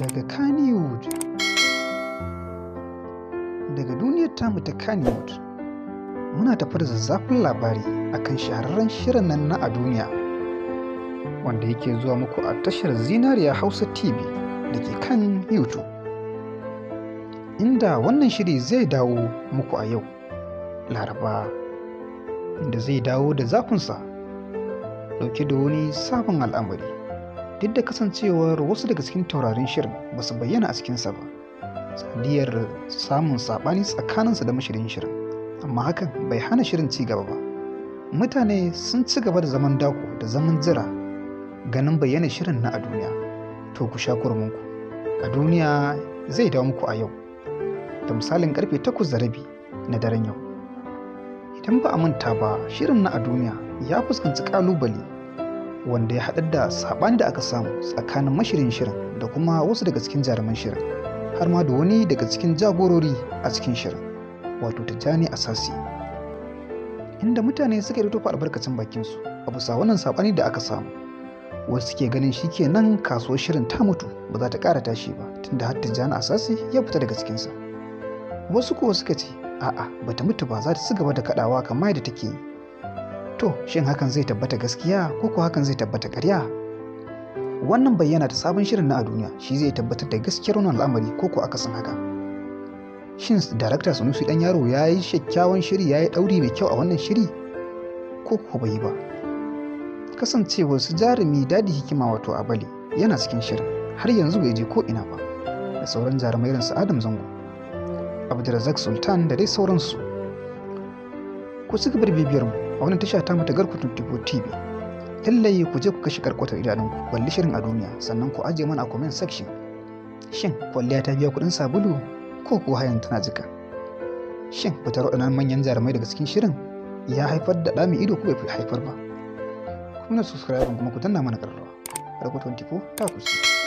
daga Kannywood daga duniyar tamu ta Kannywood muna tafi da zazzafin labari akan shahararren shirin nan na a duniya wanda yake zuwa muku a tashar zinariya Hausa TV da ke kan YouTube inda wannan shiri zai dawo muku a yau Laraba inda zai dawo da zafinsa dauke da wani sabon al'amari duk da kasancewar wasu daga cikin taurarin shirin ba su bayyana a cikinsa ba sanadiyar samun saɓani tsakaninsa da mashirin shirin amma hakan bai hana shirin ci gaba ba mutane sun ci gaba da zaman dako da zaman jira ganin bayyana shirin na a duniya to ku sha kurminku a duniya zai dawo muku a yau da misalin karfe takwas da rabi na daren yau idan ba a manta ba shirin na a duniya ya fuskanci kalubale wanda ya haɗar da saɓan da aka samu tsakanin mashirin shirin da kuma wasu daga cikin jaruman shirin har ma da wani daga cikin jagorori a cikin shirin wato tijjani asasi inda mutane suka yi rito albarkacin bakinsu a bisa wannan saɓani da aka samu wasu suke ganin shi ke nan kasuwar shirin ta mutu ba za ta ƙara tashi ba tunda har tijjani asasi ya fita daga cikinsa wasu kuwa suka ce a'a ba ta mutu ba za ta ci gaba da kaɗawa kamar yadda take yi to shin hakan zai tabbata gaskiya ko ko hakan zai tabbata ƙarya wannan bayyana ta sabon shirin na a duniya shi zai tabbatar da gaskiyar wannan al'amari ko ko akasin haka shin darakta sanusi dan yaro ya yi kyakkyawan shiri ya yi ɗauri mai kyau a wannan shiri ko ko bai yi ba kasancewar su jarumi dadi hikima wato a bali yana cikin shirin har yanzu bai je ko ina ba da sauran jarumai irin su adam zango abdulrazak sultan da dai sauransu ku ci gaba bibiyar mu a wannan tasha ta mata garku tuntubo TV. Lallai ku je ku kashe karkwatar ku. Kwalli shirin a duniya sannan ku ajiye mana a comment section. Shin kwalliya ta biya kuɗin sabulu ko ko hayan tana zika? Shin fitar waɗannan manyan jarumai daga cikin shirin ya haifar da ɗami ido ko bai haifar ba? Kuma na subscribe kuma ku danna mana ƙararrawa. Garku 24 ta kusa.